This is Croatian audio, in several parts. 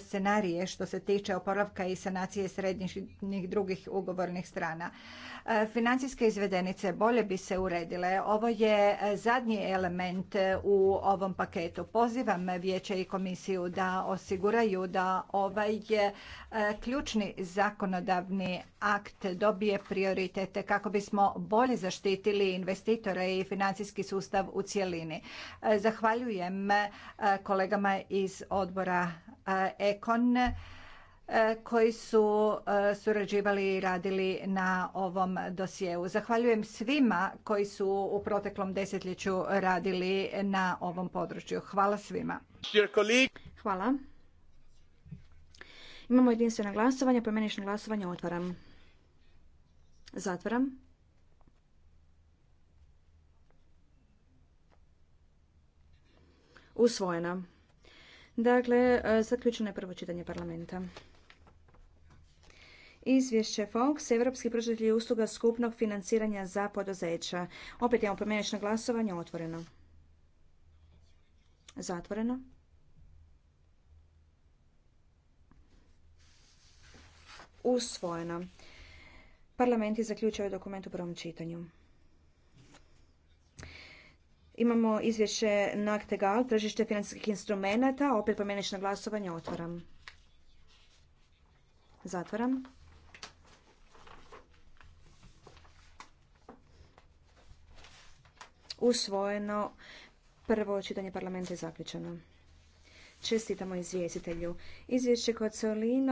scenarije što se tiče oporavka i sanacije središnjih drugih ugovornih strana. E, financijske izvedenice bolje bi se uredile. Ovo je zadnji element u ovom paketu. Pozivam vijeće i komisiju da osiguraju da ovaj e, ključni zakonodavni akt dobije prioritete kako bismo bolje zaštitili investitore i financijski sustav u cjelini. E, zahvaljujem kolegama iz odbora Ekon e, koji su e, surađivali i radili na ovom dosjeu. Zahvaljujem svima koji su u proteklom desetljeću radili na ovom području. Hvala svima. Hvala. Imamo jedinstveno glasovanje, pojmenično glasovanje otvaram. Zatvaram. Usvojena. Dakle, e, zaključeno je prvo čitanje parlamenta. Izvješće FOX, Evropski pružatelji usluga skupnog financiranja za poduzeća. Opet imamo pomenično glasovanje, otvoreno. Zatvoreno. Usvojeno. Parlament je zaključio ovaj dokument u prvom čitanju. Imamo izvješće Naktegal, tržište financijskih instrumenata, opet na glasovanje, otvaram. Zatvaram. Usvojeno. Prvo čitanje parlamenta je zaključeno. Čestitamo izvjestitelju. Izvješće kod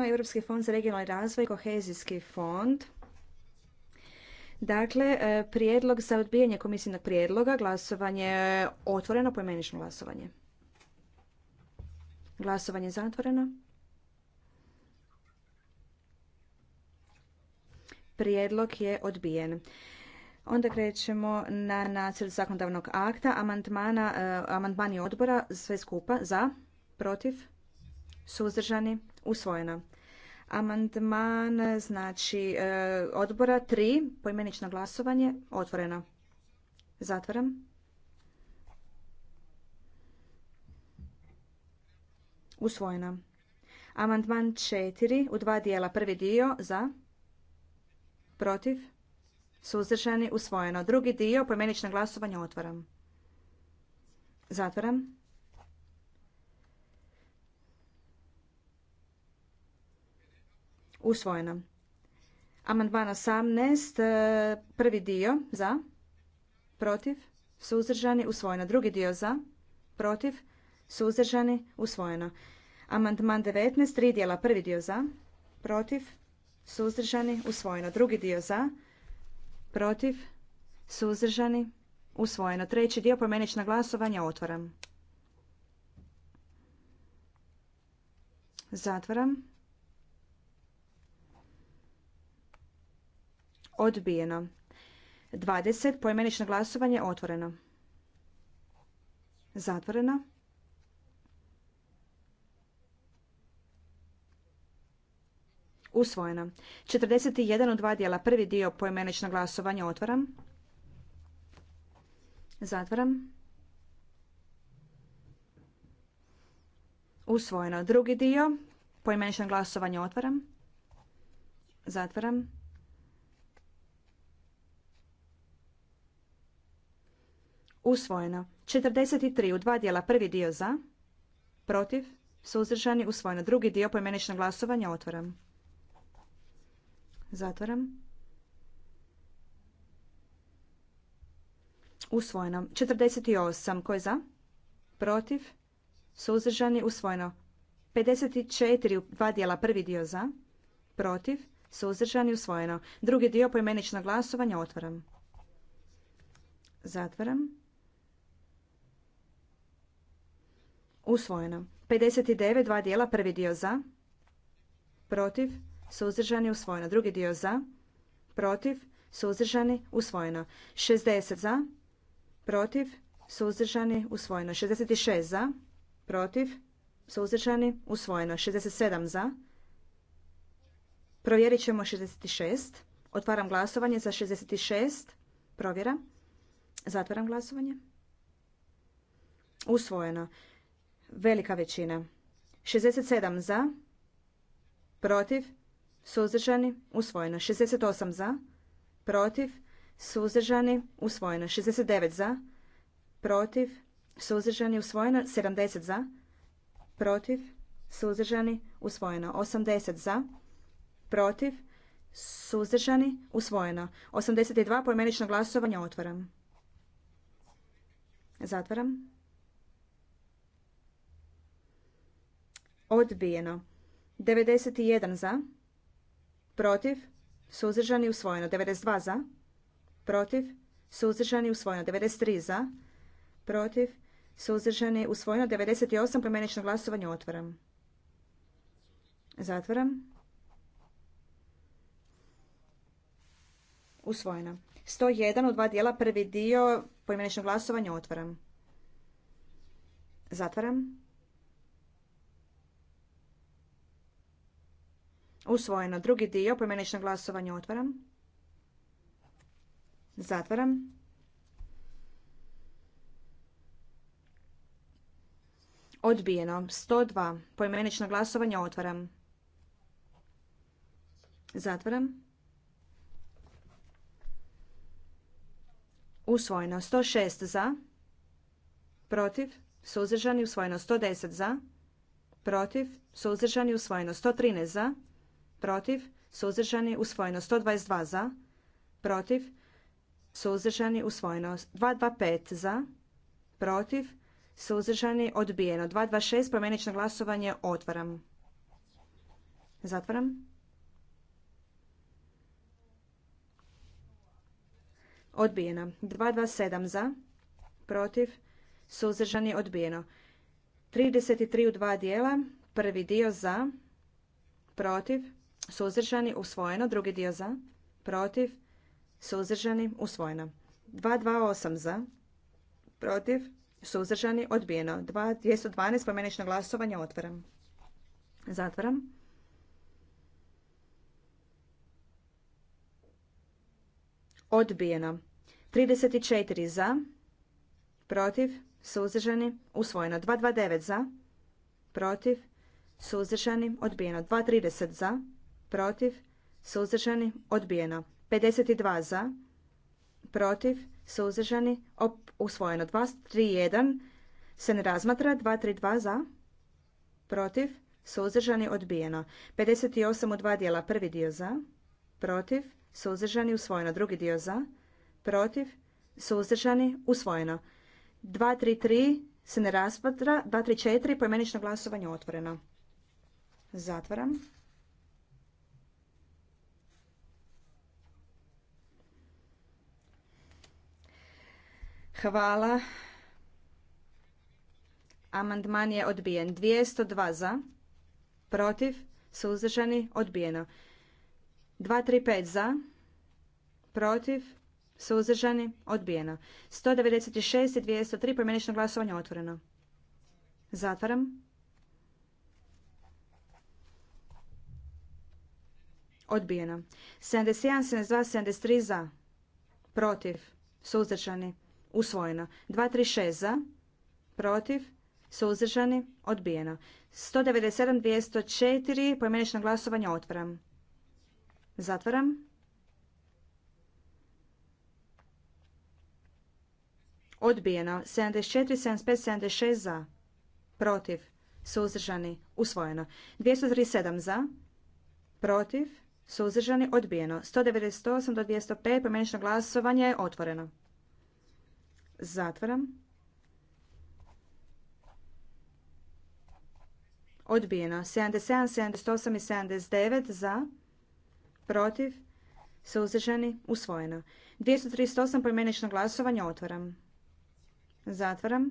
Europski fond za regionalni razvoj, Kohezijski fond. Dakle, e, prijedlog za odbijanje komisijnog prijedloga, glasovanje otvoreno, pojmenično glasovanje. Glasovanje zatvoreno. Prijedlog je odbijen. Onda krećemo na nacrt zakonodavnog akta, amandmana, e, amandmani odbora, sve skupa, za, protiv, suzdržani, usvojeno. Amandman, znači, e, odbora 3, poimenično glasovanje, otvoreno. Zatvaram. Usvojeno. Amandman 4, u dva dijela. Prvi dio, za, protiv, suzdržani, usvojeno. Drugi dio, poimenično glasovanje, otvaram. Zatvaram. Usvojeno. Amandman 18, e, prvi dio za, protiv, suzdržani, usvojeno. Drugi dio za, protiv, suzdržani, usvojeno. Amandman 19, tri dijela, prvi dio za, protiv, suzdržani, usvojeno. Drugi dio za, protiv, suzdržani, usvojeno. Treći dio na glasovanja otvaram. Zatvaram. Odbijeno. 20. Poimenično glasovanje otvoreno. Zatvoreno. Usvojeno. 41 u dva dijela. Prvi dio poimenično glasovanje otvoram. Zatvaram. Usvojeno. Drugi dio. Poimenično glasovanje otvaram. Zatvaram. Usvojeno. 43 u dva dijela. Prvi dio za. Protiv. Suzdržani. Usvojeno. Drugi dio poimenično glasovanje. otvoram. Zatvaram. Usvojeno. 48. Ko je za? Protiv. Suzdržani. Usvojeno. 54 u dva dijela. Prvi dio za. Protiv. Suzdržani. Usvojeno. Drugi dio poimenično glasovanje. otvoram. Zatvaram. Usvojeno. 59, dva dijela, prvi dio za, protiv, suzdržani, usvojeno. Drugi dio za, protiv, suzdržani, usvojeno. 60 za, protiv, suzdržani, usvojeno. 66 za, protiv, suzdržani, usvojeno. 67 za, provjerit ćemo 66. Otvaram glasovanje za 66. Provjera. Zatvaram glasovanje. Usvojeno. Velika većina. 67 za, protiv, suzdržani, usvojeno. 68 za, protiv, suzdržani, usvojeno. 69 za, protiv, suzdržani, usvojeno. 70 za, protiv, suzdržani, usvojeno. 80 za, protiv, suzdržani, usvojeno. 82 pojmenično glasovanje otvaram. Zatvaram. Odbijeno. 91 za. Protiv. Suzdržani usvojeno. 92 za. Protiv. Suzdržani usvojeno. 93 za. Protiv. Suzdržani usvojeno. 98 promjenično glasovanje otvaram. Zatvaram. Usvojeno. 101 u dva dijela prvi dio poimenično glasovanje otvaram. Zatvaram. Usvojeno. Drugi dio, pojmenično glasovanje otvaram. Zatvaram. Odbijeno. 102. Poimenično glasovanje otvaram. Zatvaram. Usvojeno. 106 za. Protiv. Suzdržani. Usvojeno. 110 za. Protiv. Suzdržani. Usvojeno. 113 za protiv, suzdržani, usvojeno. 122 za, protiv, suzdržani, usvojeno. 225 za, protiv, suzdržani, odbijeno. 226 promjenično glasovanje otvaram. Zatvaram. Odbijeno. 227 za, protiv, suzdržani, odbijeno. 33 u dva dijela, prvi dio za, protiv, suzdržani, usvojeno. Drugi dio za, protiv, suzdržani, usvojeno. 228 za, protiv, suzdržani, odbijeno. 212 pomenično glasovanje otvaram. Zatvaram. Odbijeno. 34 za, protiv, suzdržani, usvojeno. 229 za, protiv, suzdržani, odbijeno. 230 za, protiv, suzdržani, odbijeno. 52 za, protiv, suzdržani, usvojeno. 231 se ne razmatra, 232 za, protiv, suzdržani, odbijeno. 58 u dva dijela, prvi dio za, protiv, suzdržani, usvojeno. Drugi dio za, protiv, suzdržani, usvojeno. 233 se ne razmatra, 234 pojmenično glasovanje otvoreno. Zatvaram. Hvala. Amandman je odbijen. 202 za, protiv, suzdržani, odbijeno. 235 za, protiv, suzdržani, odbijeno. 196 i 203 promjenično glasovanje otvoreno. Zatvaram. Odbijeno. 71, 72, 73 za, protiv, suzdržani, usvojeno. 236 za, protiv, suzdržani, odbijeno. 197, 204, pojmenično glasovanje otvaram. Zatvaram. Odbijeno. 74, 75, 76 za. Protiv. Suzdržani. Usvojeno. 237 za. Protiv. Suzdržani. Odbijeno. 198 do 205. pojmenično glasovanje. Otvoreno. Zatvaram. Odbijeno. 77, 78 i 79 za, protiv, suzdržani, usvojeno. 238 pojmenično glasovanje otvaram. Zatvaram.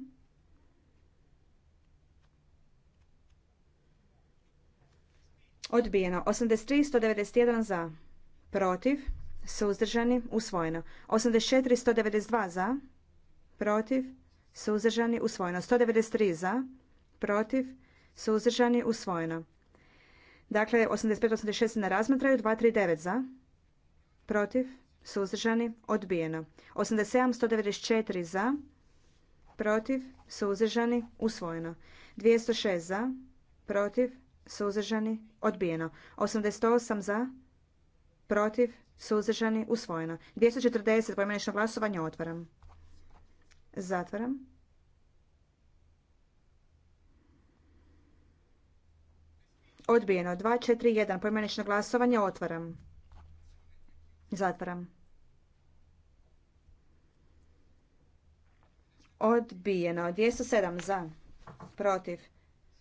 Odbijeno. 83, 191 za, protiv, suzdržani, usvojeno. 84, 192 za, protiv, suzdržani, usvojeno. 193 za, protiv, suzdržani, usvojeno. Dakle, 85-86 na razmatraju, 239 za, protiv, suzdržani, odbijeno. 87-194 za, protiv, suzdržani, usvojeno. 206 za, protiv, suzdržani, odbijeno. 88 za, protiv, suzdržani, usvojeno. 240 pojmenično glasovanje otvaram. Zatvaram. Odbijeno. 2, 4, 1. Pojmenično glasovanje. Otvaram. Zatvaram. Odbijeno. 207. Za. Protiv.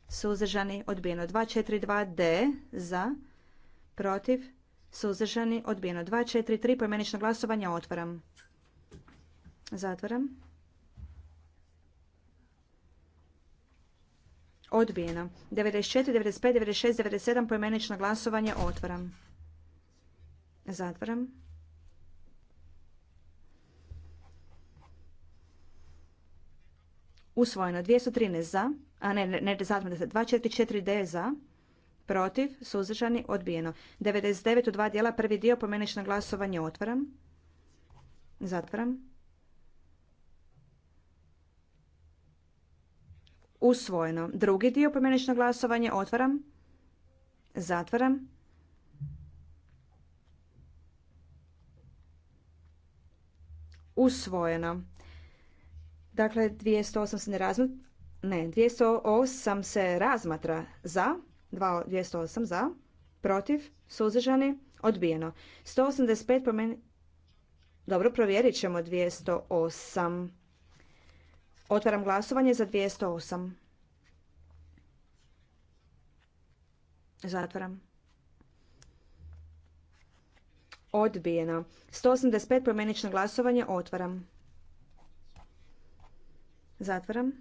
Suzržani. Odbijeno. 2, 4, 2. D. Za. Protiv. Suzržani. Odbijeno. 2, 4, 3. Pojmenično glasovanje. Otvaram. Zatvaram. Zatvaram. Odbijeno. 94, 95, 96, 97 poimenično glasovanje Otvoram. Zatvaram. Usvojeno. 213 za, a ne, ne, ne da se. 244D za, protiv, suzdržani, odbijeno. 99 u dva dijela, prvi dio poimenično glasovanje Zatvoram. Zatvaram. Usvojeno. Drugi dio pomenično glasovanje. Otvaram. Zatvaram. Usvojeno. Dakle, 208 se ne razmatra. Ne, 208 se razmatra za. 208 za. Protiv. Suzdržani. Odbijeno. 185 pomeni... Dobro, provjerit ćemo 208. Otvaram glasovanje za 208. Zatvaram. Odbijeno. 185 promjenično glasovanje. Otvaram. Zatvaram.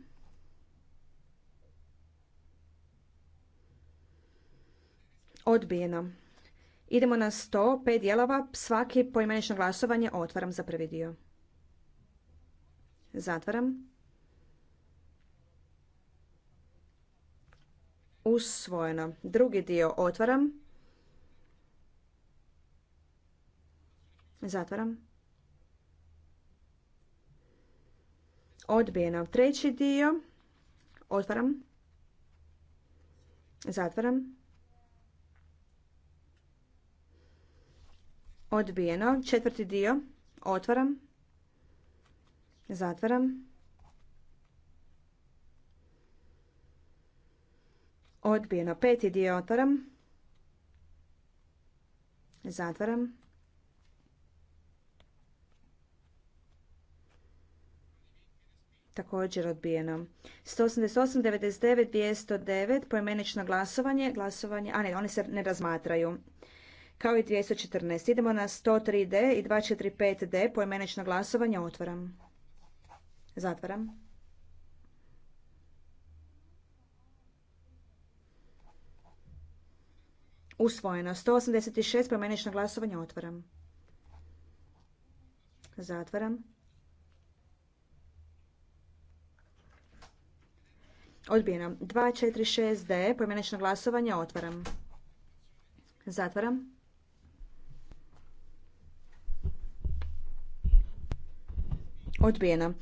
Odbijeno. Idemo na 105 dijelova, svaki poimenično glasovanje otvaram za prvi dio. Zatvaram. usvojeno. Drugi dio otvaram. Zatvaram. Odbijeno. Treći dio otvaram. Zatvaram. Odbijeno. Četvrti dio otvaram. Zatvaram. Odbijeno. Peti dio otvaram. Zatvaram. Također odbijeno. 188, 99, 209, pojmenično glasovanje, glasovanje, a ne, one se ne razmatraju. Kao i 214. Idemo na 103D i 245D, poimenično glasovanje, otvaram. Zatvaram. Usvojeno. 186 promjenično glasovanje otvaram. Zatvaram. Odbijeno. 246D promjenično glasovanje otvaram. Zatvaram. Odbijeno.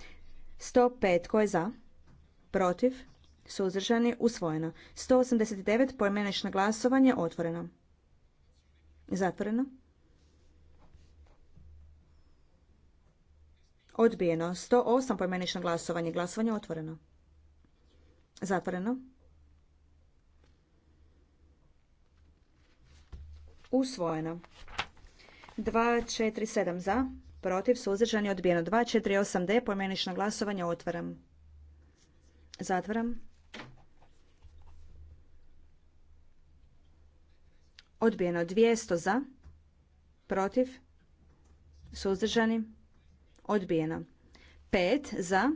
105. Ko je za? Protiv? suzdržani, usvojeno. 189 poimenično glasovanje, otvoreno. Zatvoreno. Odbijeno. 108 poimenično glasovanje, glasovanje otvoreno. Zatvoreno. Usvojeno. 247 za, protiv, suzdržani, odbijeno. 248D poimenično glasovanje, otvaram. Zatvaram. Odbijeno 200 za, protiv, suzdržani, odbijeno. 5 za,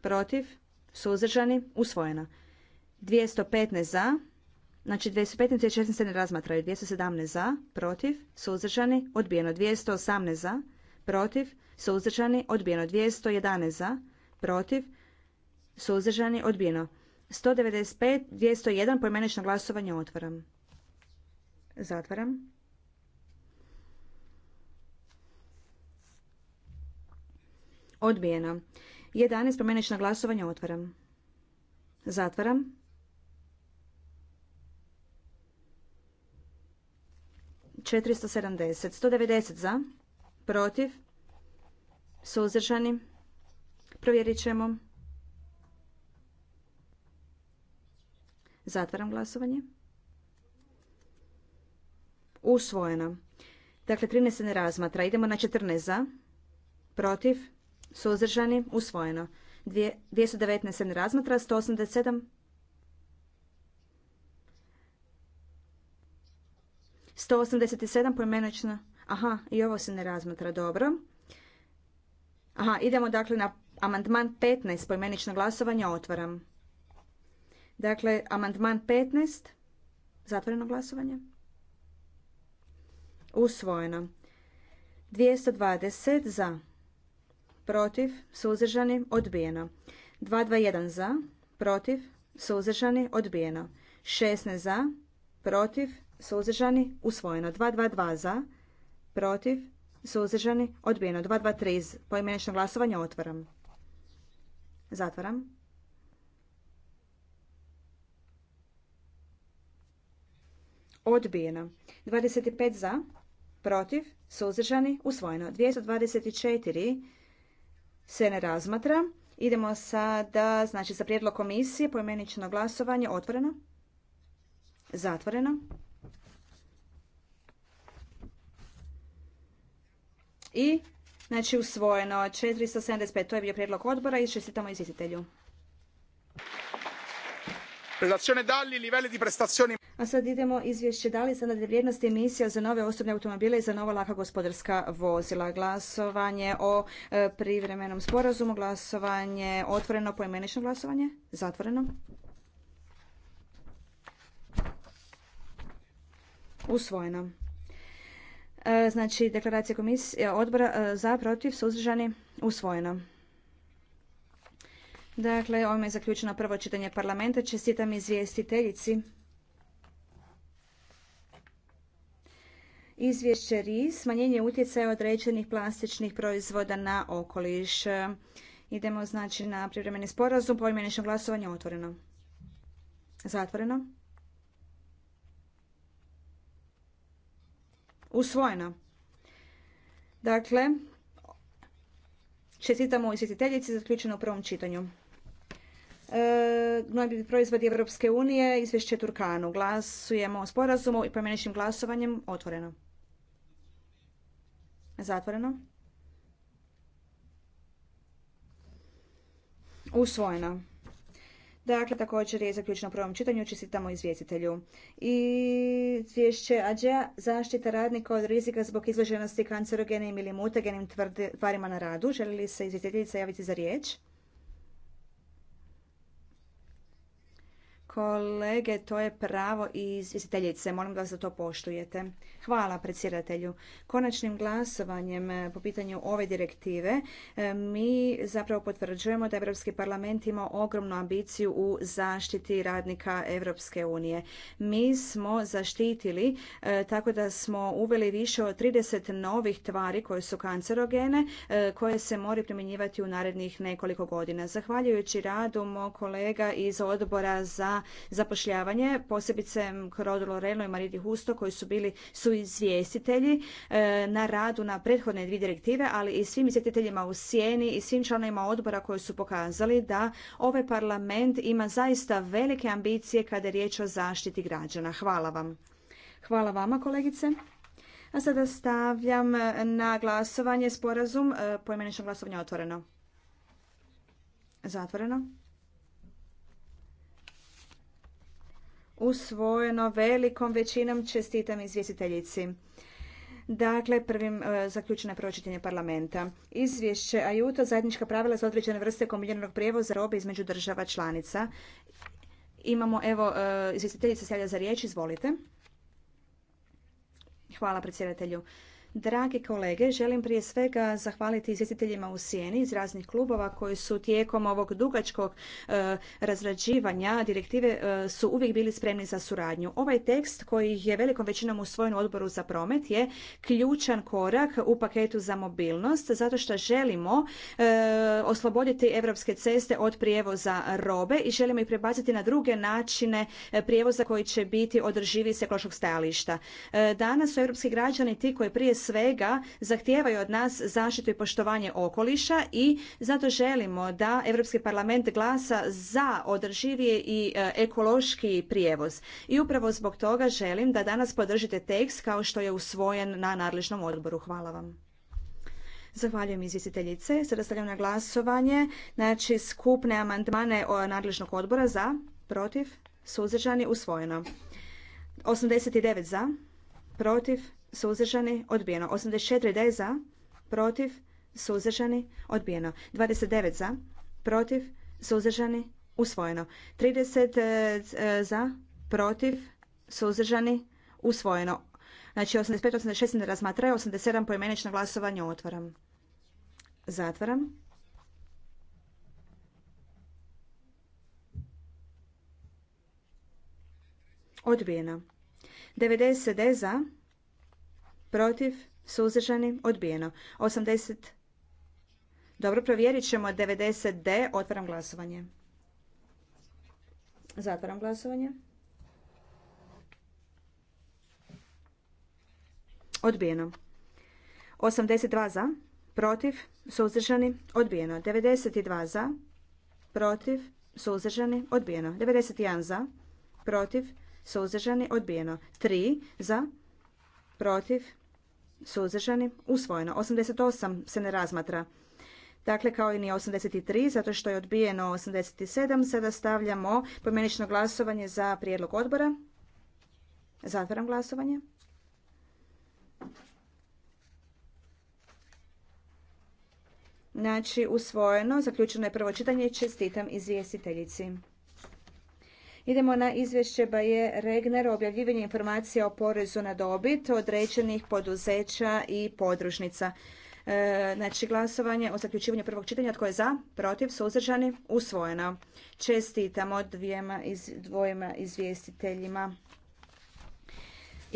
protiv, suzdržani, usvojeno. 215 za, znači 215 i 16 ne razmatraju. 217 za, protiv, suzdržani, odbijeno. 218 za, protiv, suzdržani, odbijeno. 211 za, protiv, suzdržani, odbijeno. 195, 201 pojmenično glasovanje otvoram. Zatvaram. Odbijeno. 11 na glasovanje otvaram. Zatvaram. Četiristo sedamdeset. Sto devedeset za. Protiv. Suzdržani. Provjerit ćemo. Zatvaram glasovanje. Usvojeno. Dakle, 13 se ne razmatra. Idemo na 14 za. Protiv. Suzdržani. Usvojeno. 219 se ne razmatra. 187. 187 pojmenočno. Aha, i ovo se ne razmatra. Dobro. Aha, idemo dakle na amandman 15 pojmenično glasovanje. Otvaram. Dakle, amandman 15. Zatvoreno glasovanje usvojeno. 220 za, protiv, suzdržani, odbijeno. 221 za, protiv, suzdržani, odbijeno. 16 za, protiv, suzdržani, usvojeno. 222 za, protiv, suzdržani, odbijeno. 223 poimenično glasovanje otvaram. Zatvaram. Odbijeno. 25 za, protiv, suzdržani, usvojeno. 224 se ne razmatra. Idemo sada, znači, sa prijedlog komisije, pojmenično glasovanje, otvoreno, zatvoreno. I, znači, usvojeno 475, to je bio prijedlog odbora i čestitamo izvjestitelju. Relazione Dalli, livelli di prestazioni. A sad idemo izvješće Dali za vrijednosti emisija za nove osobne automobile i za nova laka gospodarska vozila. Glasovanje o e, privremenom sporazumu, glasovanje otvoreno, poimenično glasovanje, zatvoreno. Usvojeno. E, znači, deklaracija komisije odbora e, za protiv suzdržani usvojeno. Dakle, ovime je zaključeno prvo čitanje parlamenta. Čestitam izvijestiteljici. Izvješće RIS, smanjenje utjecaja određenih plastičnih proizvoda na okoliš. Idemo znači na privremeni sporazum, poimenično glasovanje otvoreno. Zatvoreno. Usvojeno. Dakle, čestitamo izvjetiteljici zaključeno u prvom čitanju gnojbi e, proizvodi Europske unije, izvješće Turkanu. Glasujemo o sporazumu i pojmeničnim glasovanjem otvoreno. Zatvoreno. Usvojeno. Dakle, također je zaključeno u prvom čitanju, čestitamo izvjestitelju. I izvješće Ađe zaštita radnika od rizika zbog izloženosti kancerogenim ili mutagenim tvarima na radu. Želi li se izvjestiteljica javiti za riječ? Kolege, to je pravo iz izvjestiteljice. Molim vas da to poštujete. Hvala predsjedatelju. Konačnim glasovanjem eh, po pitanju ove direktive eh, mi zapravo potvrđujemo da Europski parlament ima ogromnu ambiciju u zaštiti radnika Europske unije. Mi smo zaštitili eh, tako da smo uveli više od 30 novih tvari koje su kancerogene koje se moraju primjenjivati u narednih nekoliko godina. Zahvaljujući radu mog kolega iz odbora za zapošljavanje, posebice Krodo Loreno i Maridi Husto koji su bili su izvjestitelji e, na radu na prethodne dvije direktive, ali i svim izvjestiteljima u sjeni i svim članovima odbora koji su pokazali da ovaj parlament ima zaista velike ambicije kada je riječ o zaštiti građana. Hvala vam. Hvala vama kolegice. A sada stavljam na glasovanje sporazum. E, Pojmenično glasovanje otvoreno. Zatvoreno. usvojeno velikom većinom. Čestitam izvjestiteljici. Dakle, prvim e, zaključeno je pročitanje parlamenta. Izvješće Ajuto, zajednička pravila za određene vrste kombiniranog prijevoza robe između država članica. Imamo, evo, e, izvjestiteljica se javlja za riječ, izvolite. Hvala predsjedatelju. Dragi kolege, želim prije svega zahvaliti izvjestiteljima u sjeni iz raznih klubova koji su tijekom ovog dugačkog e, razrađivanja direktive e, su uvijek bili spremni za suradnju. Ovaj tekst koji je velikom većinom usvojen u odboru za promet je ključan korak u paketu za mobilnost zato što želimo e, osloboditi europske ceste od prijevoza robe i želimo ih prebaciti na druge načine prijevoza koji će biti održivi s ekološkog stajališta. Danas su europski građani ti koji prije svega zahtijevaju od nas zaštitu i poštovanje okoliša i zato želimo da Europski parlament glasa za održivije i e, ekološki prijevoz. I upravo zbog toga želim da danas podržite tekst kao što je usvojen na nadležnom odboru. Hvala vam. Zahvaljujem izvjestiteljice. Sada stavljam na glasovanje znači skupne amandmane nadležnog odbora za, protiv, suzdržani, usvojeno. 89 za, protiv, suzdržani, odbijeno. 84 d za, protiv, suzdržani, odbijeno. 29 za, protiv, suzdržani, usvojeno. 30 e, e, za, protiv, suzdržani, usvojeno. Znači 85, 86 ne razmatraju, 87 poimenično glasovanje otvaram. Zatvaram. Odbijeno. 90 za, protiv, suzdržani, odbijeno. 80. Dobro, provjerit ćemo 90D. Otvaram glasovanje. Zatvaram glasovanje. Odbijeno. 82 za, protiv, suzdržani, odbijeno. 92 za, protiv, suzdržani, odbijeno. 91 za, protiv, suzdržani, odbijeno. 3 za, protiv, Suzdržani? Usvojeno. 88 se ne razmatra. Dakle, kao i ni 83, zato što je odbijeno 87, sada stavljamo pomenično glasovanje za prijedlog odbora. Zatvaram glasovanje. Znači, usvojeno, zaključeno je prvo čitanje i čestitam izvjestiteljici. Idemo na izvješće Baje Regner o informacija o porezu na dobit određenih poduzeća i podružnica. E, znači glasovanje o zaključivanju prvog čitanja. Tko je za? Protiv? Suzdržani? Usvojeno. Čestitamo dvijema iz, dvojima izvjestiteljima.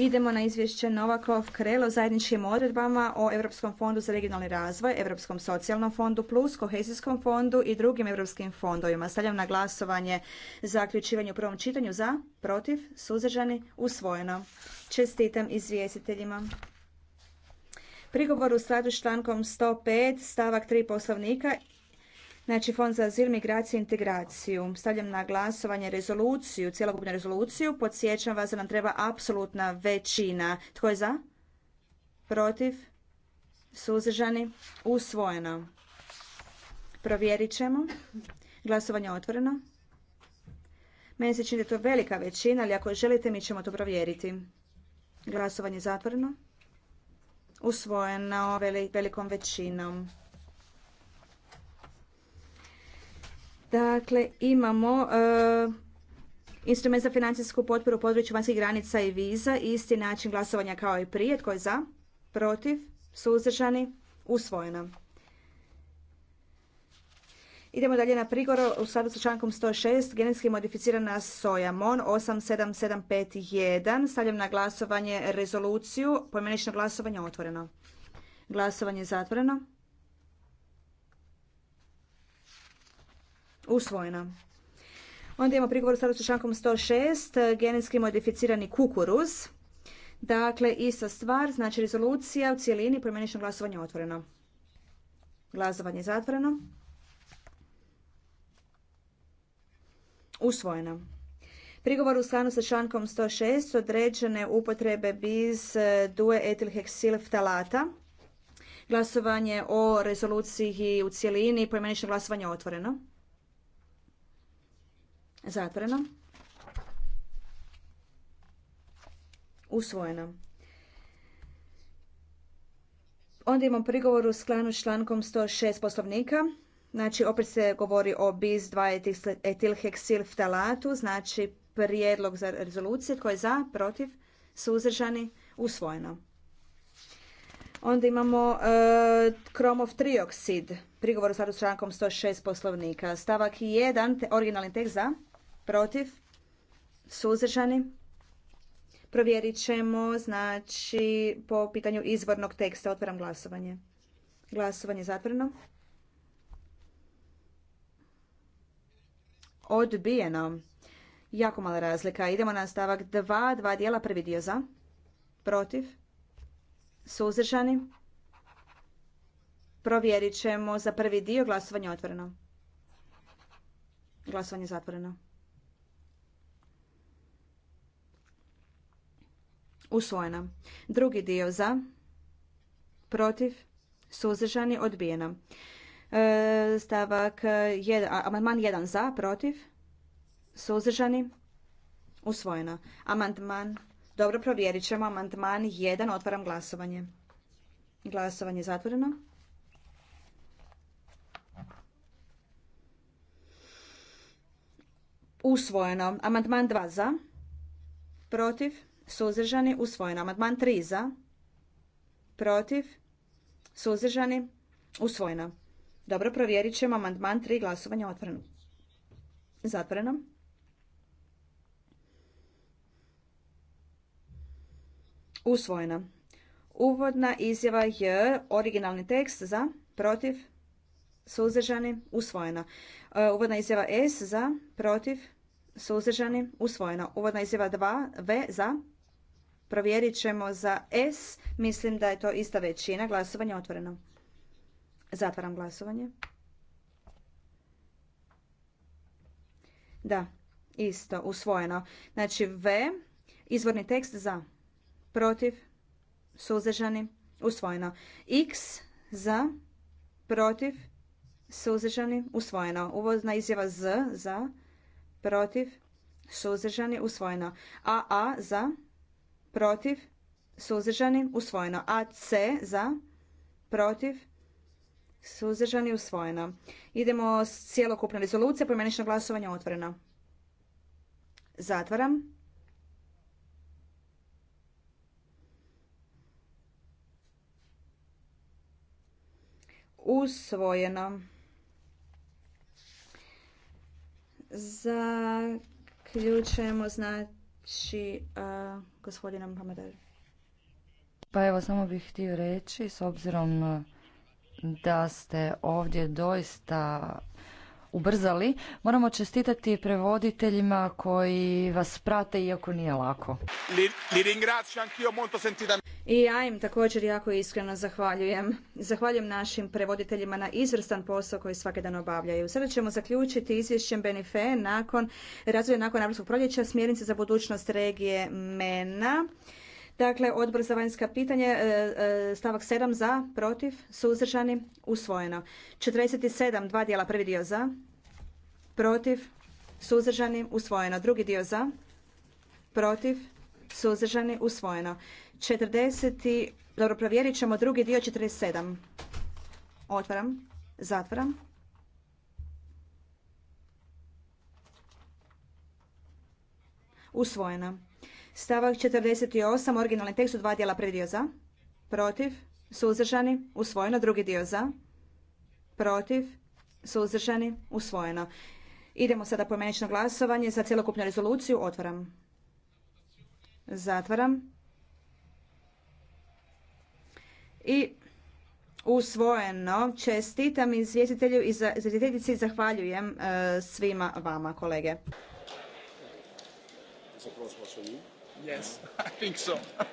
Idemo na izvješće Novakov Krelo zajedničkim odredbama o Europskom fondu za regionalni razvoj, Europskom socijalnom fondu plus, Kohezijskom fondu i drugim europskim fondovima. Stavljam na glasovanje zaključivanje u prvom čitanju za, protiv, suzdržani, usvojeno. Čestitam izvjestiteljima. Prigovor u skladu s člankom 105 stavak 3 poslovnika Znači, Fond za azil, migraciju i integraciju. Stavljam na glasovanje rezoluciju, cjelokupnu rezoluciju. Podsjećam vas da nam treba apsolutna većina. Tko je za? Protiv? Suzdržani? Usvojeno. Provjerit ćemo. Glasovanje otvoreno. Meni se čini da je to velika većina, ali ako želite mi ćemo to provjeriti. Glasovanje je zatvoreno. Usvojeno velikom većinom. Dakle, imamo e, instrument za financijsku potporu u području vanjskih granica i viza, isti način glasovanja kao i prije. Tko je za? Protiv? Suzdržani? Usvojeno. Idemo dalje na prigoro u skladu sa člankom 106 genetski modificirana soja MON 87751. Stavljam na glasovanje rezoluciju. Pojmenično glasovanje otvoreno. Glasovanje zatvoreno. usvojena. Onda imamo prigovor sada sa člankom 106, e, genetski modificirani kukuruz. Dakle, ista stvar, znači rezolucija u cijelini, pojmenično glasovanje otvoreno. Glasovanje zatvoreno. Usvojeno. Prigovor u stanu sa člankom 106 određene upotrebe biz e, due etilheksil Glasovanje o rezoluciji u cijelini, pojmenično glasovanje otvoreno. Zatvoreno. Usvojeno. Onda imamo prigovor u sklanu s člankom 106 poslovnika. Znači, opet se govori o bis 2 etilheksilftalatu, znači prijedlog za rezolucije. Tko je za, protiv, suzdržani, usvojeno. Onda imamo e, kromov trioksid, prigovor u skladu s člankom 106 poslovnika. Stavak 1, originalni tekst za, protiv, suzdržani. Provjerit ćemo, znači, po pitanju izvornog teksta. Otvaram glasovanje. Glasovanje zatvoreno. Odbijeno. Jako mala razlika. Idemo na stavak Dva, Dva dijela. Prvi dio za. Protiv. Suzdržani. Provjerit ćemo za prvi dio. Glasovanje otvoreno. Glasovanje zatvoreno. Usvojena. Drugi dio za, protiv, suzdržani, odbijeno. E, stavak 1, amandman 1 za, protiv, suzdržani, usvojeno. Amandman, dobro provjerit ćemo, amandman 1, otvaram glasovanje. Glasovanje zatvoreno. Usvojeno. Amandman 2 za, protiv, suzdržani, usvojena. Amandman 3 za, protiv, suzdržani, usvojena. Dobro, provjerit ćemo amandman 3, glasovanje otvoreno. Zatvoreno. Usvojena. Uvodna izjava J, originalni tekst za, protiv, suzdržani, usvojena. E, uvodna izjava S za, protiv, suzdržani, usvojena. Uvodna izjava 2, V za, Provjerit ćemo za S. Mislim da je to ista većina. Glasovanje otvoreno. Zatvaram glasovanje. Da, isto, usvojeno. Znači V, izvorni tekst za, protiv, suzdržani, usvojeno. X za, protiv, suzdržani, usvojeno. Uvozna izjava Z za, protiv, suzdržani, usvojeno. A za, protiv, suzdržani, usvojeno. A, C, za, protiv, suzdržani, usvojeno. Idemo s cijelokupne rezolucija, pojmenično glasovanje otvoreno. Zatvaram. Usvojeno. Zaključujemo znači reći Pa evo, samo bih htio reći, s obzirom e, da ste ovdje doista ubrzali, moramo čestitati prevoditeljima koji vas prate, iako nije lako. Li, molto i ja im također jako iskreno zahvaljujem. Zahvaljujem našim prevoditeljima na izvrstan posao koji svaki dan obavljaju. Sada ćemo zaključiti izvješćem Benife nakon razvoja nakon Evropskog proljeća smjernice za budućnost regije MENA. Dakle, odbor za vanjska pitanja, e, e, stavak 7 za, protiv, suzdržani, usvojeno. 47, dva dijela, prvi dio za, protiv, suzdržani, usvojeno. Drugi dio za, protiv, suzdržani, usvojeno. 40. Dobro, provjerit ćemo drugi dio 47. Otvaram. Zatvaram. Usvojena. Stavak 48. Originalni tekst u dva dijela. Prvi dio za. Protiv. Suzdržani. Usvojeno. Drugi dio za. Protiv. Suzdržani. Usvojeno. Idemo sada pojmenično glasovanje za cjelokupnu rezoluciju. Otvaram. Zatvaram i usvojeno. Čestitam izvjestitelju i izvjestiteljici zahvaljujem e, svima vama kolege. Yes, think so.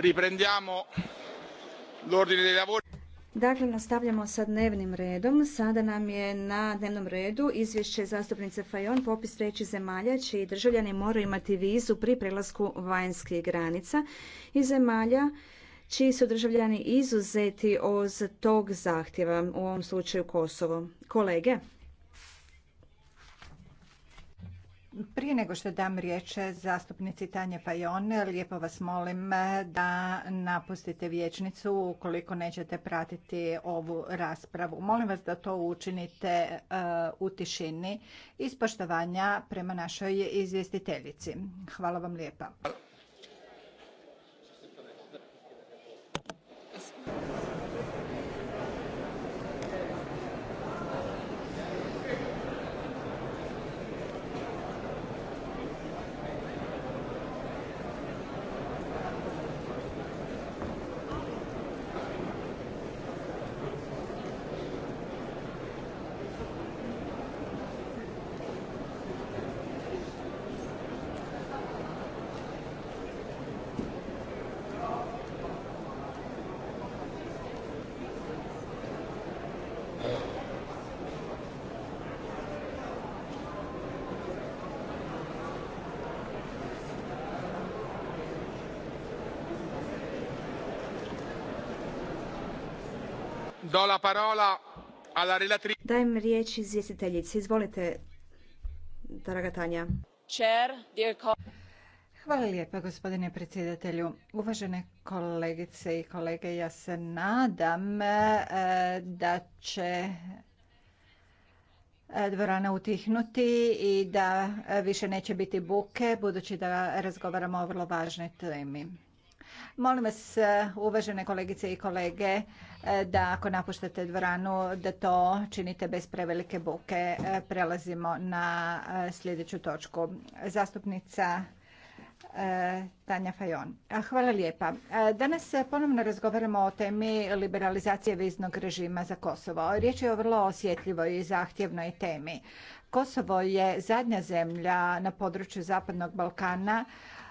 Riprendiamo l'ordine dei lavori. Dakle, nastavljamo sa dnevnim redom. Sada nam je na dnevnom redu izvješće zastupnice Fajon, popis trećih zemalja čiji državljani moraju imati vizu pri prelasku vanjskih granica i zemalja čiji su državljani izuzeti od tog zahtjeva, u ovom slučaju Kosovo. Kolege, Prije nego što dam riječ zastupnici Tanje Pajon, lijepo vas molim da napustite vječnicu ukoliko nećete pratiti ovu raspravu. Molim vas da to učinite uh, u tišini iz poštovanja prema našoj izvjestiteljici. Hvala vam lijepa. Dajem riječ izvjestiteljici. Izvolite, draga Tanja. Hvala lijepa gospodine predsjedatelju. Uvažene kolegice i kolege, ja se nadam e, da će e, dvorana utihnuti i da e, više neće biti buke budući da razgovaramo o vrlo važnoj temi. Molim vas, e, uvažene kolegice i kolege, e, da ako napuštate dvoranu, da to činite bez prevelike buke. E, prelazimo na sljedeću točku. Zastupnica Tanja Fajon. Hvala lijepa. Danas ponovno razgovaramo o temi liberalizacije viznog režima za Kosovo. Riječ je o vrlo osjetljivoj i zahtjevnoj temi. Kosovo je zadnja zemlja na području Zapadnog Balkana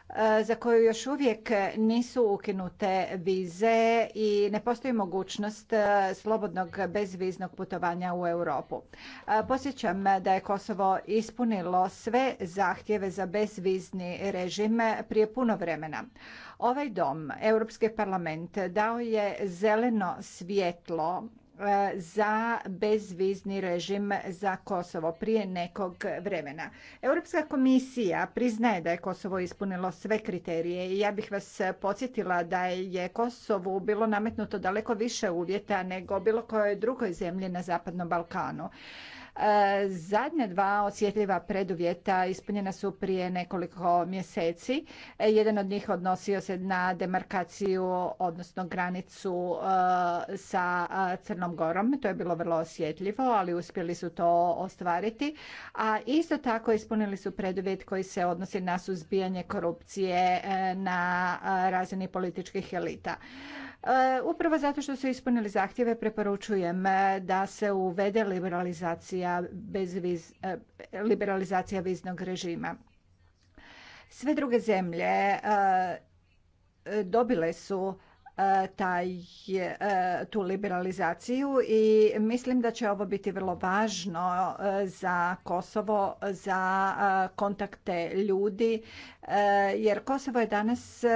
Eh, za koju još uvijek nisu ukinute vize i ne postoji mogućnost eh, slobodnog bezviznog putovanja u Europu. Eh, Posjećam da je Kosovo ispunilo sve zahtjeve za bezvizni režim prije puno vremena. Ovaj dom, Europski parlament, dao je zeleno svjetlo E, za bezvizni režim za Kosovo prije nekog vremena. Europska komisija priznaje da je Kosovo ispunilo sve kriterije i ja bih vas podsjetila da je Kosovu bilo nametnuto daleko više uvjeta nego bilo kojoj drugoj zemlji na Zapadnom Balkanu. Zadnja dva osjetljiva preduvjeta ispunjena su prije nekoliko mjeseci. Jedan od njih odnosio se na demarkaciju, odnosno granicu e, sa e, Crnom Gorom. To je bilo vrlo osjetljivo, ali uspjeli su to ostvariti. A isto tako ispunili su preduvjet koji se odnosi na suzbijanje korupcije e, na razini političkih elita. E, upravo zato što su ispunili zahtjeve preporučujem e, da se uvede liberalizacija, bez viz, e, liberalizacija viznog režima. Sve druge zemlje dobile su taj, tu liberalizaciju i mislim da će ovo biti vrlo važno za Kosovo, za kontakte ljudi, Eh, jer Kosovo je danas eh,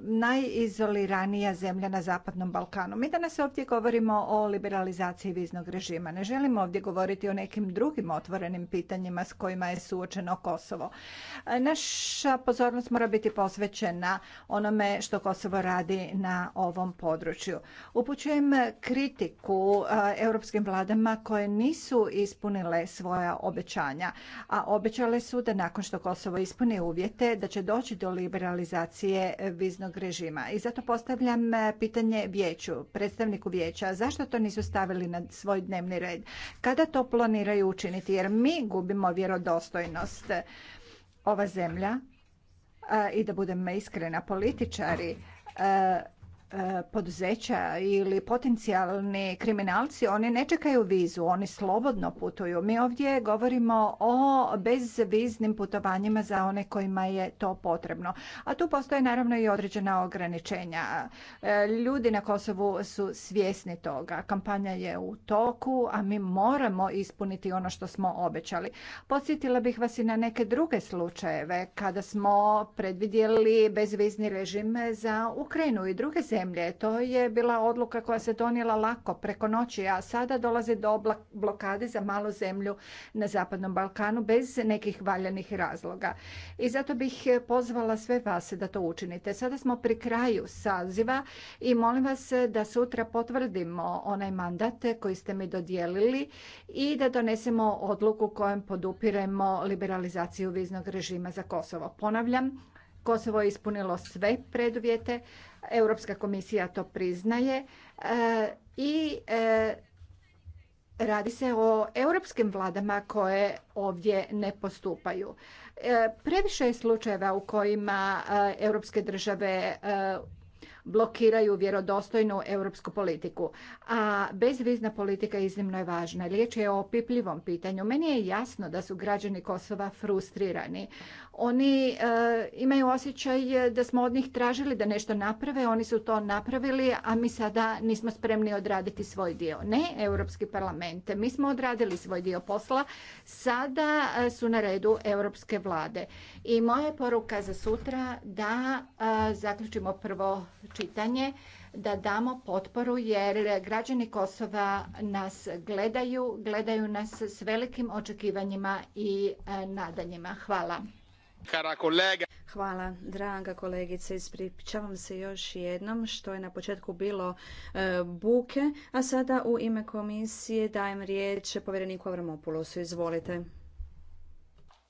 najizoliranija zemlja na Zapadnom Balkanu. Mi danas ovdje govorimo o liberalizaciji viznog režima. Ne želimo ovdje govoriti o nekim drugim otvorenim pitanjima s kojima je suočeno Kosovo. Eh, naša pozornost mora biti posvećena onome što Kosovo radi na ovom području. Upućujem kritiku europskim vladama koje nisu ispunile svoja obećanja, a obećale su da nakon što Kosovo ispuni uvjete prijete da će doći do liberalizacije viznog režima. I zato postavljam e, pitanje vijeću, predstavniku vijeća, zašto to nisu stavili na svoj dnevni red? Kada to planiraju učiniti? Jer mi gubimo vjerodostojnost. Ova zemlja, e, i da budem iskrena, političari e, E, poduzeća ili potencijalni kriminalci, oni ne čekaju vizu, oni slobodno putuju. Mi ovdje govorimo o bezviznim putovanjima za one kojima je to potrebno. A tu postoje naravno i određena ograničenja. E, ljudi na Kosovu su svjesni toga. Kampanja je u toku, a mi moramo ispuniti ono što smo obećali. Podsjetila bih vas i na neke druge slučajeve kada smo predvidjeli bezvizni režim za Ukrajinu i druge zemlje zemlje. To je bila odluka koja se donijela lako preko noći, a sada dolazi do blokade za malu zemlju na Zapadnom Balkanu bez nekih valjanih razloga. I zato bih pozvala sve vas da to učinite. Sada smo pri kraju saziva i molim vas da sutra potvrdimo onaj mandat koji ste mi dodijelili i da donesemo odluku kojom podupiremo liberalizaciju viznog režima za Kosovo. Ponavljam, Kosovo je ispunilo sve preduvjete, Europska komisija to priznaje e, i e, radi se o europskim vladama koje ovdje ne postupaju. E, previše je slučajeva u kojima europske države blokiraju vjerodostojnu europsku politiku. A bezvizna politika iznimno je važna. Riječ je o opipljivom pitanju. Meni je jasno da su građani Kosova frustrirani. Oni e, imaju osjećaj da smo od njih tražili da nešto naprave, oni su to napravili, a mi sada nismo spremni odraditi svoj dio. Ne, Europski parlament, mi smo odradili svoj dio posla, sada e, su na redu europske vlade. I moja je poruka za sutra da e, zaključimo prvo čitanje, da damo potporu jer građani Kosova nas gledaju, gledaju nas s velikim očekivanjima i nadanjima. Hvala. Hvala, draga kolegice. Ispričavam se još jednom što je na početku bilo e, buke, a sada u ime komisije dajem riječ povjereniku Avramopoulosu. Izvolite.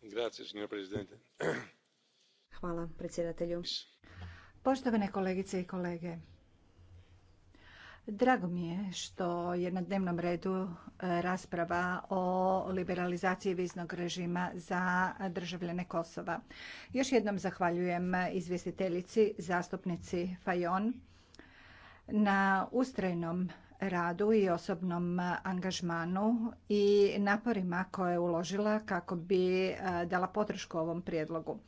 Grazie, signor Presidente. Hvala predsjedatelju. Poštovane kolegice i kolege, Drago mi je što je na dnevnom redu e, rasprava o liberalizaciji viznog režima za državljane Kosova. Još jednom zahvaljujem izvjestiteljici, zastupnici Fajon na ustrajnom radu i osobnom angažmanu i naporima koje je uložila kako bi e, dala podršku ovom prijedlogu.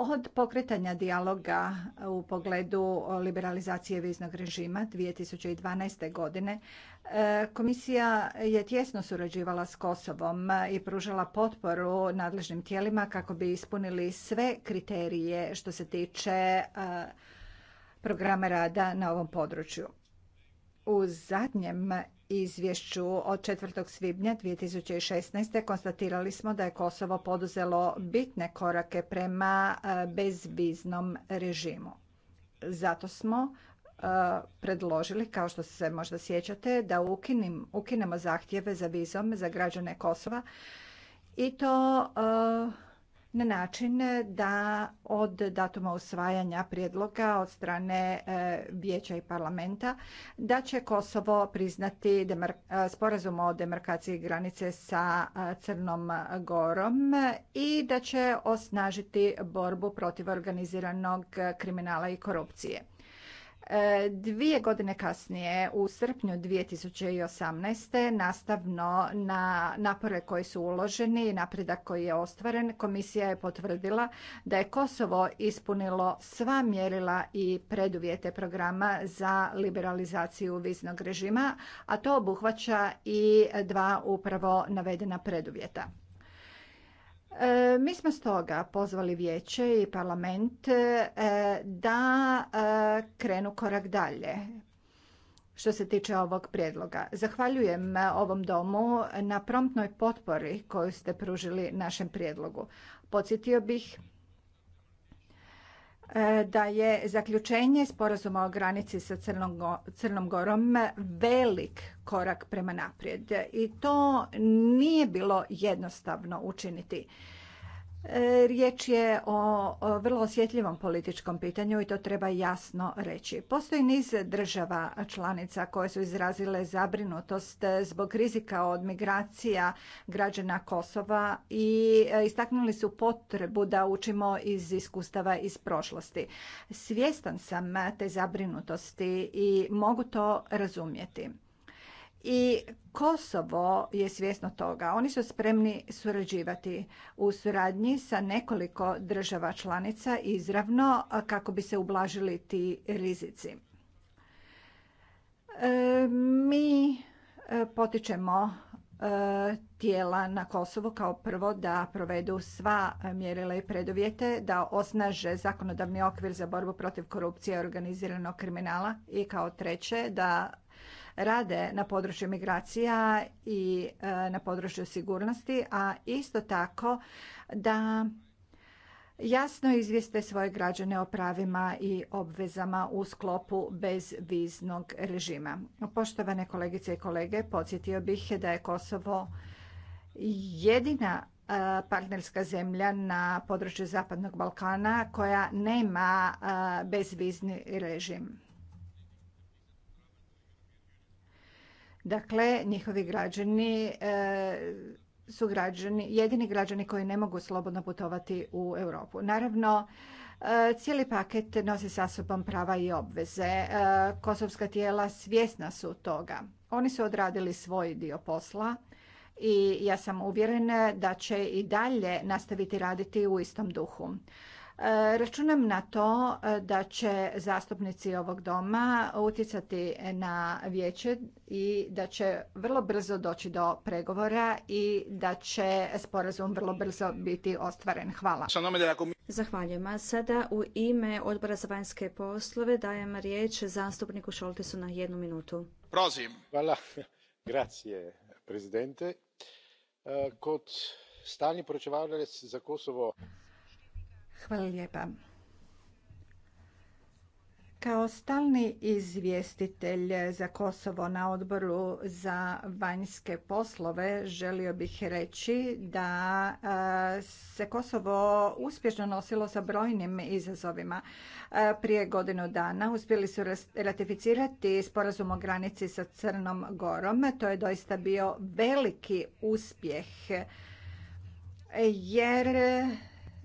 Od pokretanja dijaloga u pogledu liberalizacije viznog režima 2012. godine e, komisija je tjesno surađivala s Kosovom i pružala potporu nadležnim tijelima kako bi ispunili sve kriterije što se tiče e, programa rada na ovom području. U zadnjem izvješću od 4. svibnja 2016. konstatirali smo da je Kosovo poduzelo bitne korake prema e, bezviznom režimu. Zato smo e, predložili, kao što se možda sjećate, da ukinim, ukinemo zahtjeve za vizom za građane Kosova i to e, na način da od datuma usvajanja prijedloga od strane e, Vijeća i parlamenta da će Kosovo priznati e, sporazum o demarkaciji granice sa e, Crnom Gorom i da će osnažiti borbu protiv organiziranog kriminala i korupcije. E, dvije godine kasnije, u srpnju 2018. nastavno na napore koji su uloženi i napredak koji je ostvaren, komisija je potvrdila da je Kosovo ispunilo sva mjerila i preduvjete programa za liberalizaciju viznog režima, a to obuhvaća i dva upravo navedena preduvjeta. E, mi smo stoga pozvali vijeće i parlament e, da e, krenu korak dalje što se tiče ovog prijedloga. Zahvaljujem ovom domu na promptnoj potpori koju ste pružili našem prijedlogu. Podsjetio bih E, da je zaključenje sporazuma o granici sa Crnom Gorom velik korak prema naprijed i to nije bilo jednostavno učiniti. E, riječ je o vrlo osjetljivom političkom pitanju i to treba jasno reći. Postoji niz država članica koje su izrazile zabrinutost zbog rizika od migracija građana Kosova i e, istaknuli su potrebu da učimo iz iskustava iz prošlosti. Svjestan sam te zabrinutosti i mogu to razumjeti i Kosovo je svjesno toga. Oni su spremni surađivati u suradnji sa nekoliko država članica izravno kako bi se ublažili ti rizici. E, mi e, potičemo e, tijela na Kosovu kao prvo da provedu sva mjerila i preduvjete, da osnaže zakonodavni okvir za borbu protiv korupcije i organiziranog kriminala i kao treće da rade na području migracija i e, na području sigurnosti, a isto tako da jasno izvijeste svoje građane o pravima i obvezama u sklopu bezviznog režima. Poštovane kolegice i kolege, podsjetio bih da je Kosovo jedina e, partnerska zemlja na području Zapadnog Balkana koja nema e, bezvizni režim. Dakle, njihovi građani e, su građani, jedini građani koji ne mogu slobodno putovati u Europu. Naravno, e, Cijeli paket nosi sa sobom prava i obveze. E, kosovska tijela svjesna su toga. Oni su odradili svoj dio posla i ja sam uvjerena da će i dalje nastaviti raditi u istom duhu. Računam na to e, da će zastupnici ovog doma utjecati na vijeće i da će vrlo brzo doći do pregovora i da će sporazum vrlo brzo biti ostvaren. Hvala. Zahvaljujem. A sada u ime Odbora za vanjske poslove dajem riječ zastupniku Šoltesu na jednu minutu. Prozim. Hvala. Grazie, prezidente. E, kod stalni za Kosovo Hvala lijepa. Kao stalni izvjestitelj za Kosovo na odboru za vanjske poslove želio bih reći da se Kosovo uspješno nosilo sa brojnim izazovima. Prije godinu dana uspjeli su ratificirati sporazum o granici sa Crnom Gorom. To je doista bio veliki uspjeh jer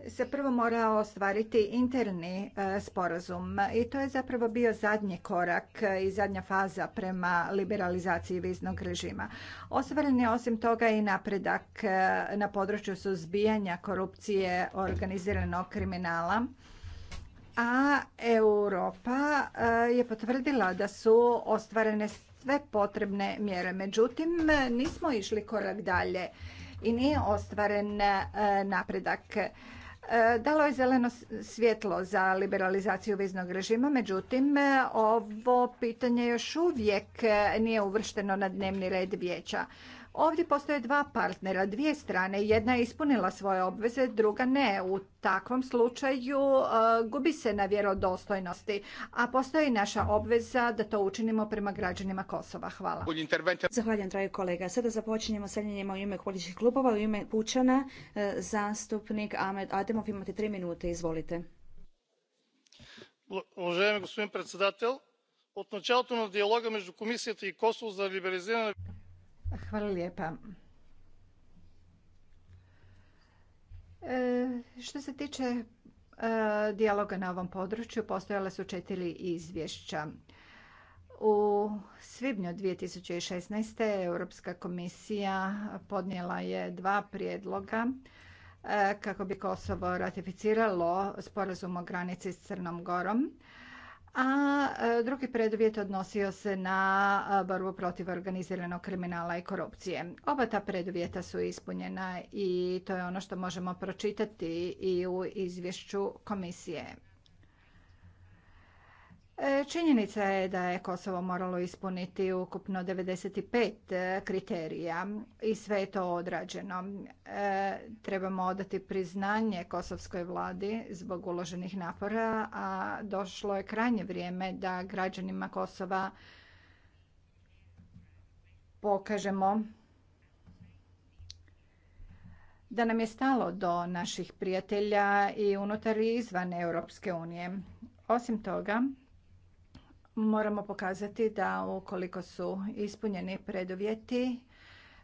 se prvo morao ostvariti interni e, sporazum i to je zapravo bio zadnji korak i zadnja faza prema liberalizaciji viznog režima. Ostvaren je osim toga i napredak e, na području suzbijanja korupcije organiziranog kriminala, a Europa e, je potvrdila da su ostvarene sve potrebne mjere. Međutim, nismo išli korak dalje i nije ostvaren napredak. E, dalo je zeleno svjetlo za liberalizaciju viznog režima, međutim e, ovo pitanje još uvijek e, nije uvršteno na dnevni red vijeća. Ovdje postoje dva partnera, dvije strane. Jedna je ispunila svoje obveze, druga ne. U takvom slučaju e, gubi se na vjerodostojnosti, a postoji naša obveza da to učinimo prema građanima Kosova. Hvala. Zahvaljujem, dragi kolega. Sada započinjemo seljenjima u ime političkih klubova, u ime Pučana. E, zastupnik Ahmed Ademov, imate tri minute, izvolite. Уважаеми господин председател, od началото na dijaloga među Komisije i Kosovo za liberaliziranje... Hvala lijepa. E, što se tiče e, dijaloga na ovom području, postojala su četiri izvješća. U svibnju 2016. Europska komisija podnijela je dva prijedloga e, kako bi Kosovo ratificiralo sporazum o granici s Crnom Gorom a e, drugi preduvjet odnosio se na borbu protiv organiziranog kriminala i korupcije. Oba ta preduvjeta su ispunjena i to je ono što možemo pročitati i u izvješću komisije. E, činjenica je da je Kosovo moralo ispuniti ukupno 95 e, kriterija i sve je to odrađeno. E, trebamo odati priznanje kosovskoj vladi zbog uloženih napora, a došlo je krajnje vrijeme da građanima Kosova pokažemo da nam je stalo do naših prijatelja i unutar i izvan Europske unije. Osim toga, moramo pokazati da ukoliko su ispunjeni preduvjeti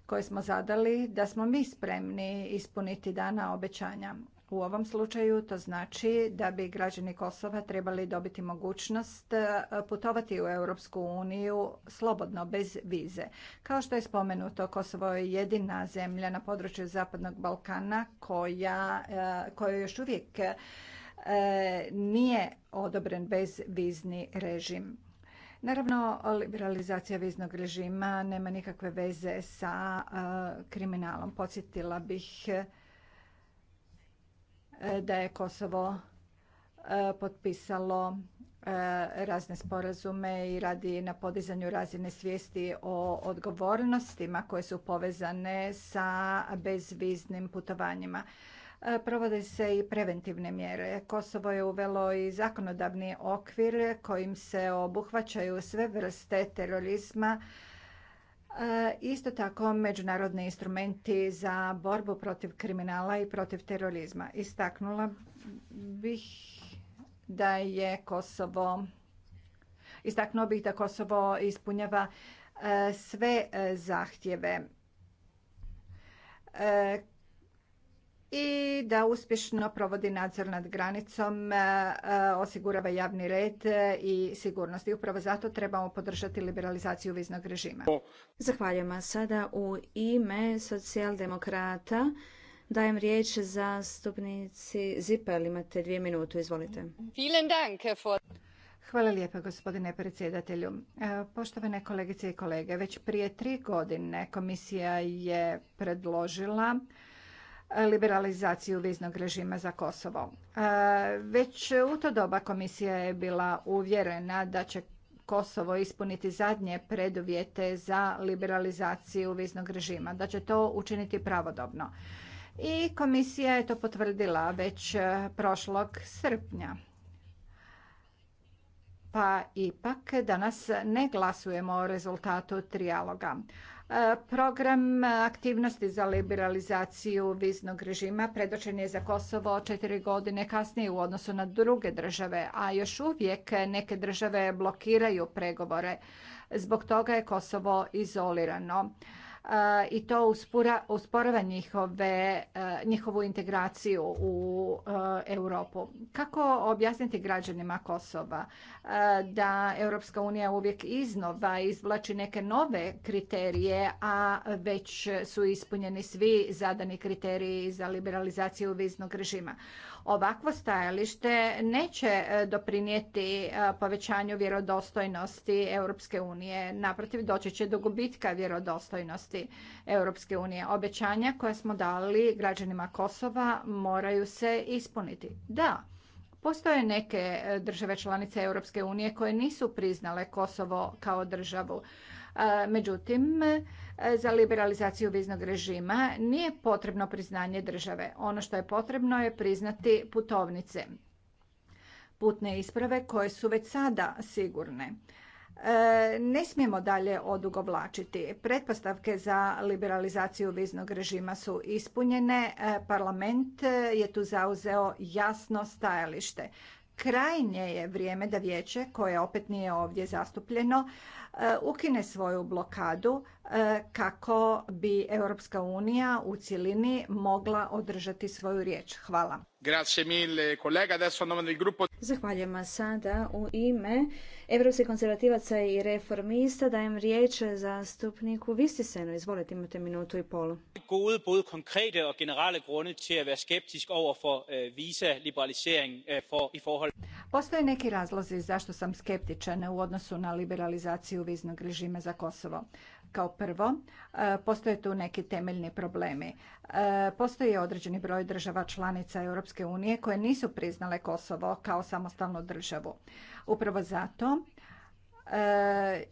koje smo zadali, da smo mi spremni ispuniti dana obećanja. U ovom slučaju to znači da bi građani Kosova trebali dobiti mogućnost e, putovati u Europsku uniju slobodno bez vize. Kao što je spomenuto, Kosovo je jedina zemlja na području Zapadnog Balkana koja, e, koja još uvijek E, nije odobren bezvizni režim. Naravno, liberalizacija viznog režima nema nikakve veze sa e, kriminalom. Podsjetila bih e, da je Kosovo potpisalo razne sporazume i radi na podizanju razine svijesti o odgovornostima koje su povezane sa bezviznim putovanjima. E, provode se i preventivne mjere. Kosovo je uvelo i zakonodavni okvir kojim se obuhvaćaju sve vrste terorizma, e, Isto tako međunarodni instrumenti za borbu protiv kriminala i protiv terorizma. Istaknula bih da je Kosovo Istaknuo bih da Kosovo ispunjava e, sve zahtjeve i da uspješno provodi nadzor nad granicom, e, e, osigurava javni red e, i sigurnost. I upravo zato trebamo podržati liberalizaciju viznog režima. Zahvaljujem. Sada u ime socijaldemokrata dajem riječ zastupnici Zipel. Imate dvije minutu, izvolite. Hvala lijepa gospodine predsjedatelju. Poštovane kolegice i kolege, već prije tri godine komisija je predložila liberalizaciju viznog režima za Kosovo. E, već u to doba komisija je bila uvjerena da će Kosovo ispuniti zadnje preduvjete za liberalizaciju viznog režima, da će to učiniti pravodobno. I komisija je to potvrdila već e, prošlog srpnja. Pa ipak danas ne glasujemo o rezultatu trijaloga. Program aktivnosti za liberalizaciju viznog režima predočen je za Kosovo četiri godine kasnije u odnosu na druge države, a još uvijek neke države blokiraju pregovore. Zbog toga je Kosovo izolirano i to usporava njihove, e, njihovu integraciju u e, Europu. Kako objasniti građanima Kosova e, da Europska unija uvijek iznova izvlači neke nove kriterije, a već su ispunjeni svi zadani kriteriji za liberalizaciju viznog režima. Ovakvo stajalište neće e, doprinijeti e, povećanju vjerodostojnosti Europske unije. Naprotiv, doći će do gubitka vjerodostojnosti Europske unije. Obećanja koja smo dali građanima Kosova moraju se ispuniti. Da, Postoje neke e, države članice Europske unije koje nisu priznale Kosovo kao državu, Međutim, e, za liberalizaciju viznog režima nije potrebno priznanje države. Ono što je potrebno je priznati putovnice, putne isprave koje su već sada sigurne. E, ne smijemo dalje odugovlačiti. Pretpostavke za liberalizaciju viznog režima su ispunjene. E, parlament je tu zauzeo jasno stajalište krajnje je vrijeme da vijeće koje opet nije ovdje zastupljeno E, ukine svoju blokadu e, kako bi Europska unija u cjelini mogla održati svoju riječ. Hvala. Zahvaljujem sada u ime Europskih konzervativaca i reformista dajem riječ zastupniku Vistisenu. Izvolite, imate minutu i polu. Gode, både konkrete og generale grunde til at være skeptisk øh, øh, i forhold... Postoje neki razlozi zašto sam skeptičan u odnosu na liberalizaciju viznog režima za Kosovo. Kao prvo, e, postoje tu neki temeljni problemi. E, postoji određeni broj država članica Europske unije koje nisu priznale Kosovo kao samostalnu državu. Upravo zato e,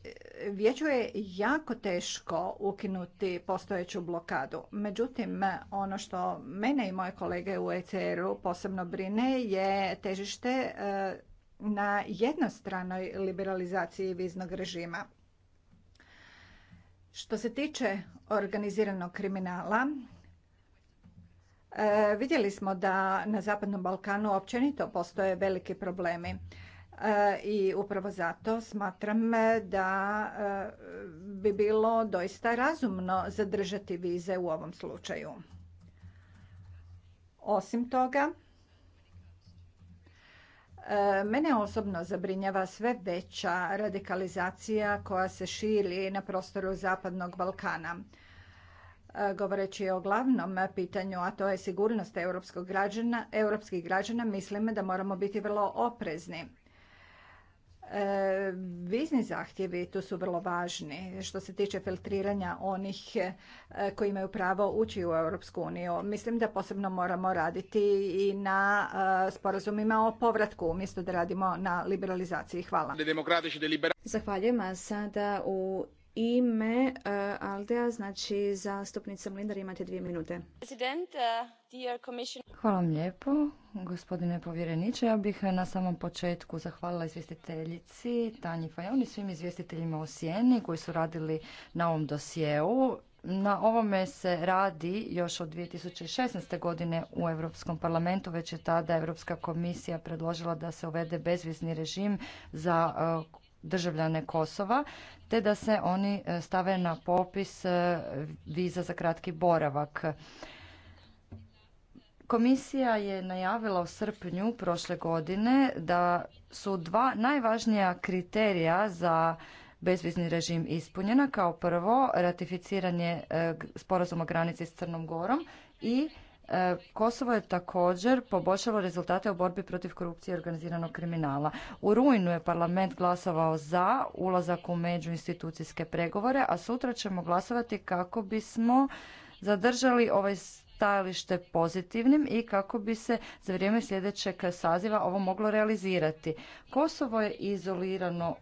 Vijeću je jako teško ukinuti postojeću blokadu. Međutim, ono što mene i moje kolege u ECR-u posebno brine je težište na jednostranoj liberalizaciji viznog režima. Što se tiče organiziranog kriminala, e, vidjeli smo da na Zapadnom Balkanu općenito postoje veliki problemi e, i upravo zato smatram e, da bi bilo doista razumno zadržati vize u ovom slučaju. Osim toga, Mene osobno zabrinjava sve veća radikalizacija koja se širi na prostoru Zapadnog Balkana. E, govoreći o glavnom pitanju, a to je sigurnost europskih građana, mislim da moramo biti vrlo oprezni Vizni e, zahtjevi tu su vrlo važni što se tiče filtriranja onih e, koji imaju pravo ući u Europsku uniju. Mislim da posebno moramo raditi i na e, sporazumima o povratku umjesto da radimo na liberalizaciji. Hvala. Zahvaljujem, sada u ime e, Aldea, znači zastupnica Mlindar, imate dvije minute. E, Hvala vam lijepo, gospodine povjereniče. Ja bih na samom početku zahvalila izvjestiteljici Tanji Fajon i svim izvjestiteljima u Sijeni koji su radili na ovom dosjeu. Na ovome se radi još od 2016. godine u Europskom parlamentu, već je tada Europska komisija predložila da se uvede bezvizni režim za e, državljane Kosova, te da se oni e, stave na popis e, viza za kratki boravak. Komisija je najavila u srpnju prošle godine da su dva najvažnija kriterija za bezvizni režim ispunjena. Kao prvo, ratificiranje e, sporazuma granici s Crnom Gorom i E, Kosovo je također poboljšalo rezultate u borbi protiv korupcije i organiziranog kriminala. U rujnu je parlament glasovao za ulazak u međuinstitucijske pregovore, a sutra ćemo glasovati kako bismo zadržali ovaj stajalište pozitivnim i kako bi se za vrijeme sljedećeg saziva ovo moglo realizirati. Kosovo je izolirano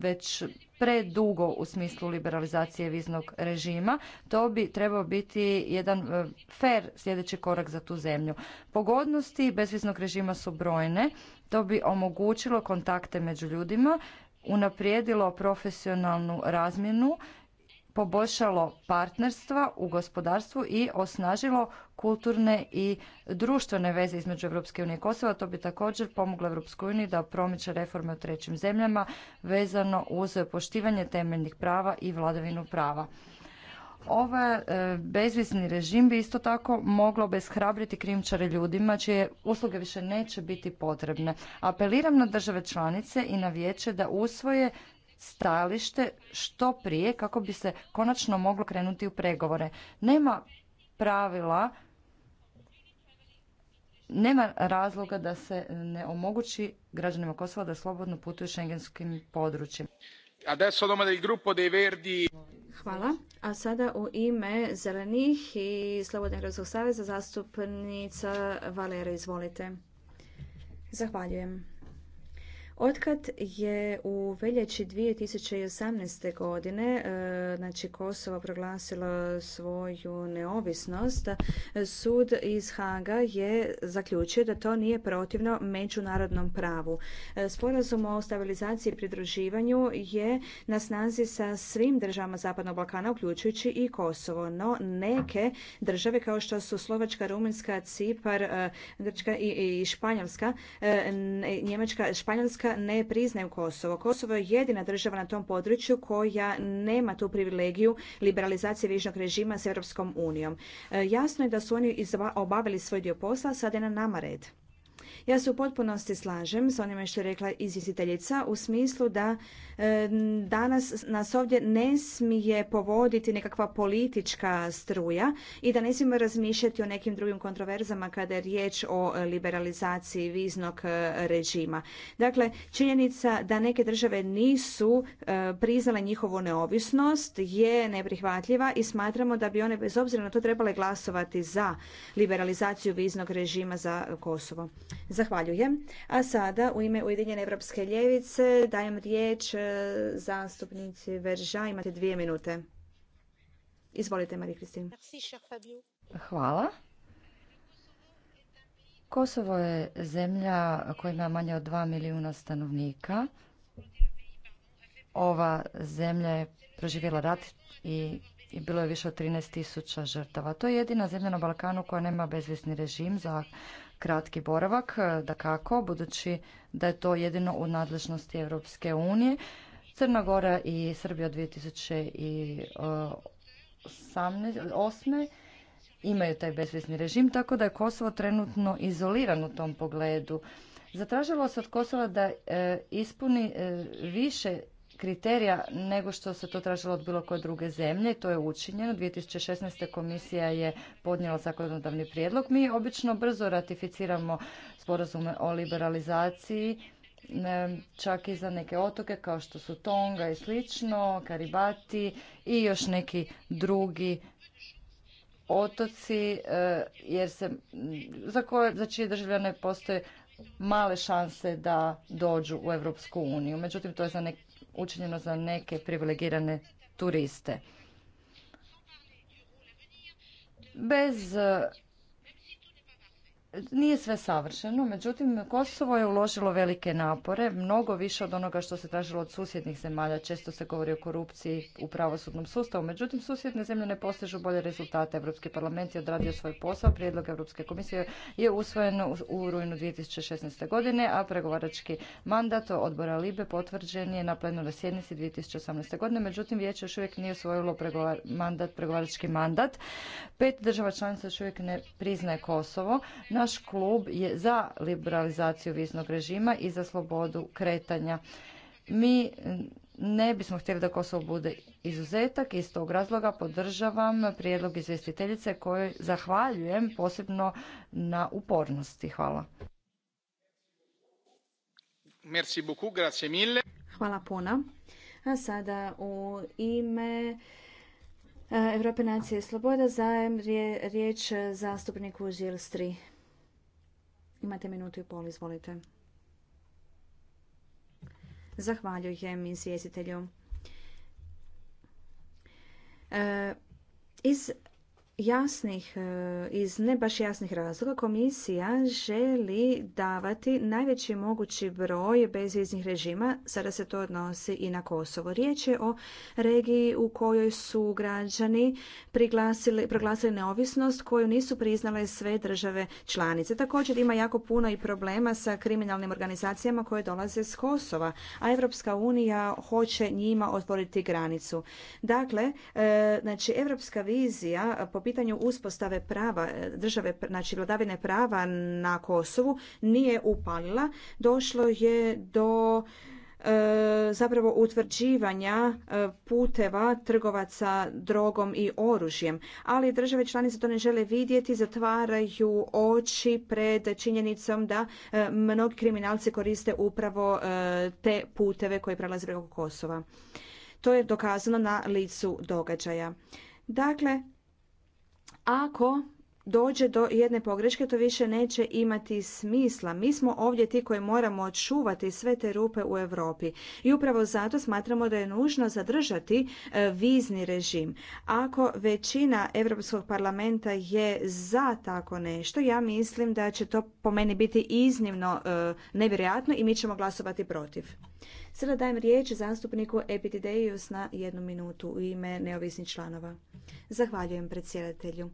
već predugo u smislu liberalizacije viznog režima. To bi trebao biti jedan e, fer sljedeći korak za tu zemlju. Pogodnosti bezviznog režima su brojne. To bi omogućilo kontakte među ljudima, unaprijedilo profesionalnu razmjenu poboljšalo partnerstva u gospodarstvu i osnažilo kulturne i društvene veze između Europske unije i Kosova. To bi također pomoglo Europskoj uniji da promiče reforme u trećim zemljama vezano uz poštivanje temeljnih prava i vladavinu prava. Ovaj e, bezvisni režim bi isto tako moglo obeshrabriti krimčare ljudima čije usluge više neće biti potrebne. Apeliram na države članice i na vijeće da usvoje stajalište što prije kako bi se konačno moglo krenuti u pregovore. Nema pravila nema razloga da se ne omogući građanima Kosova da slobodno putuju šengenskim područjem. Hvala. A sada u ime Zelenih i Slobodnog Hrvatskog saveza zastupnica Valera, izvolite. Zahvaljujem. Otkad je u veljači 2018. godine e, znači Kosovo proglasilo svoju neovisnost, sud iz Haga je zaključio da to nije protivno međunarodnom pravu. E, Sporazum o stabilizaciji i pridruživanju je na snazi sa svim državama Zapadnog Balkana, uključujući i Kosovo, no neke države kao što su Slovačka, Rumunjska, Cipar, e, Grčka i Španjolska, Njemačka, Španjolska ne priznaju Kosovo. Kosovo je jedina država na tom području koja nema tu privilegiju liberalizacije vižnog režima s Europskom unijom. E, jasno je da su oni obavili svoj dio posla, sada je na nama red. Ja se u potpunosti slažem s onime što je rekla izvjestiteljica u smislu da e, danas nas ovdje ne smije povoditi nekakva politička struja i da ne smijemo razmišljati o nekim drugim kontroverzama kada je riječ o liberalizaciji viznog e, režima. Dakle, činjenica da neke države nisu e, priznale njihovu neovisnost je neprihvatljiva i smatramo da bi one bez obzira na to trebale glasovati za liberalizaciju viznog režima za Kosovo. Zahvaljujem. A sada u ime Ujedinjene Evropske ljevice dajem riječ e, zastupnici Verža. Imate dvije minute. Izvolite, Marija Kristina. Hvala. Kosovo je zemlja koja ima manje od dva milijuna stanovnika. Ova zemlja je proživjela rat i bilo je više od 13 tisuća žrtava. To je jedina zemlja na Balkanu koja nema bezvisni režim za kratki boravak, e, da kako, budući da je to jedino u nadležnosti Europske unije. Crna Gora i Srbija 2008. E, imaju taj besvjesni režim, tako da je Kosovo trenutno izoliran u tom pogledu. Zatražilo se od Kosova da e, ispuni više kriterija nego što se to tražilo od bilo koje druge zemlje. To je učinjeno. 2016. komisija je podnijela zakonodavni prijedlog. Mi obično brzo ratificiramo sporazume o liberalizaciji čak i za neke otoke kao što su Tonga i slično, Karibati i još neki drugi otoci e, jer se, za, koje, za čije državljane postoje male šanse da dođu u Europsku uniju. Međutim, to je za neke učinjeno za neke privilegirane turiste. Bez nije sve savršeno, međutim Kosovo je uložilo velike napore, mnogo više od onoga što se tražilo od susjednih zemalja. Često se govori o korupciji u pravosudnom sustavu, međutim susjedne zemlje ne postižu bolje rezultate. Evropski parlament je odradio svoj posao, prijedlog Europske komisije je usvojen u rujnu 2016. godine, a pregovarački mandat odbora Libe potvrđen je na plenarnoj sjednici 2018. godine, međutim vijeće još uvijek nije usvojilo mandat, pregovarački mandat. Pet država članica još uvijek ne priznaje Kosovo. Na naš klub je za liberalizaciju viznog režima i za slobodu kretanja. Mi ne bismo htjeli da Kosovo bude izuzetak i iz tog razloga podržavam prijedlog izvjestiteljice kojoj zahvaljujem posebno na upornosti. Hvala. Merci beaucoup, grazie mille. Hvala puno. A sada u ime Europe nacije sloboda zajem riječ zastupniku Žilstri. Imate minutu i pol, izvolite. Zahvaljujem izvjestitelju. E, iz jasnih, e, iz ne baš jasnih razloga komisija želi davati najveći mogući broj bezviznih režima, sada se to odnosi i na Kosovo. Riječ je o regiji u kojoj su građani proglasili neovisnost koju nisu priznale sve države članice. Također ima jako puno i problema sa kriminalnim organizacijama koje dolaze s Kosova, a Europska unija hoće njima otvoriti granicu. Dakle, e, znači, evropska vizija po pitanju uspostave prava e, države, znači vladavine prava na Kosovu nije upalila. Došlo je do e, zapravo utvrđivanja e, puteva trgovaca drogom i oružjem. Ali države članice to ne žele vidjeti, zatvaraju oči pred činjenicom da mnogi kriminalci koriste upravo te puteve koji prelaze preko Kosova. To je dokazano na licu događaja. Dakle, ako dođe do jedne pogreške, to više neće imati smisla. Mi smo ovdje ti koji moramo očuvati sve te rupe u Europi. I upravo zato smatramo da je nužno zadržati e, vizni režim. Ako većina Europskog parlamenta je za tako nešto, ja mislim da će to po meni biti iznimno e, nevjerojatno i mi ćemo glasovati protiv. Sada dajem riječ zastupniku Epitideius na jednu minutu u ime neovisnih članova. Zahvaljujem predsjedatelju.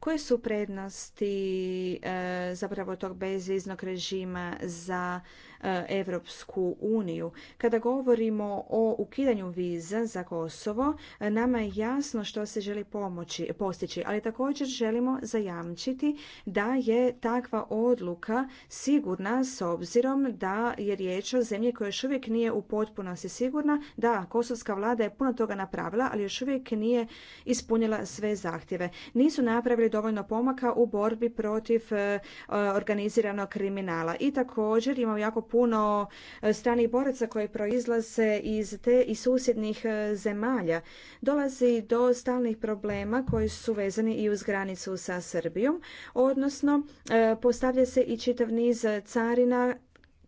Koje su prednosti e, zapravo tog bezviznog režima za E, Evropsku uniju. Kada govorimo o ukidanju viza za Kosovo, e, nama je jasno što se želi pomoći, postići, ali također želimo zajamčiti da je takva odluka sigurna s obzirom da je riječ o zemlji koja još uvijek nije u potpunosti sigurna. Da, kosovska vlada je puno toga napravila, ali još uvijek nije ispunila sve zahtjeve. Nisu napravili dovoljno pomaka u borbi protiv e, organiziranog kriminala. I također imamo jako puno e, stranih boraca koji proizlaze iz te i susjednih e, zemalja. Dolazi do stalnih problema koji su vezani i uz granicu sa Srbijom, odnosno e, postavlja se i čitav niz carina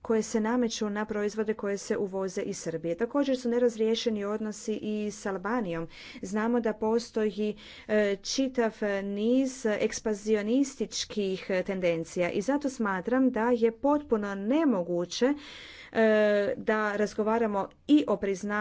koje se nameću na proizvode koje se uvoze iz Srbije. Također su nerazriješeni odnosi i s Albanijom. Znamo da postoji e, čitav niz ekspazionističkih tendencija i zato smatram da je potpuno nemoguće e, da razgovaramo i o priznanju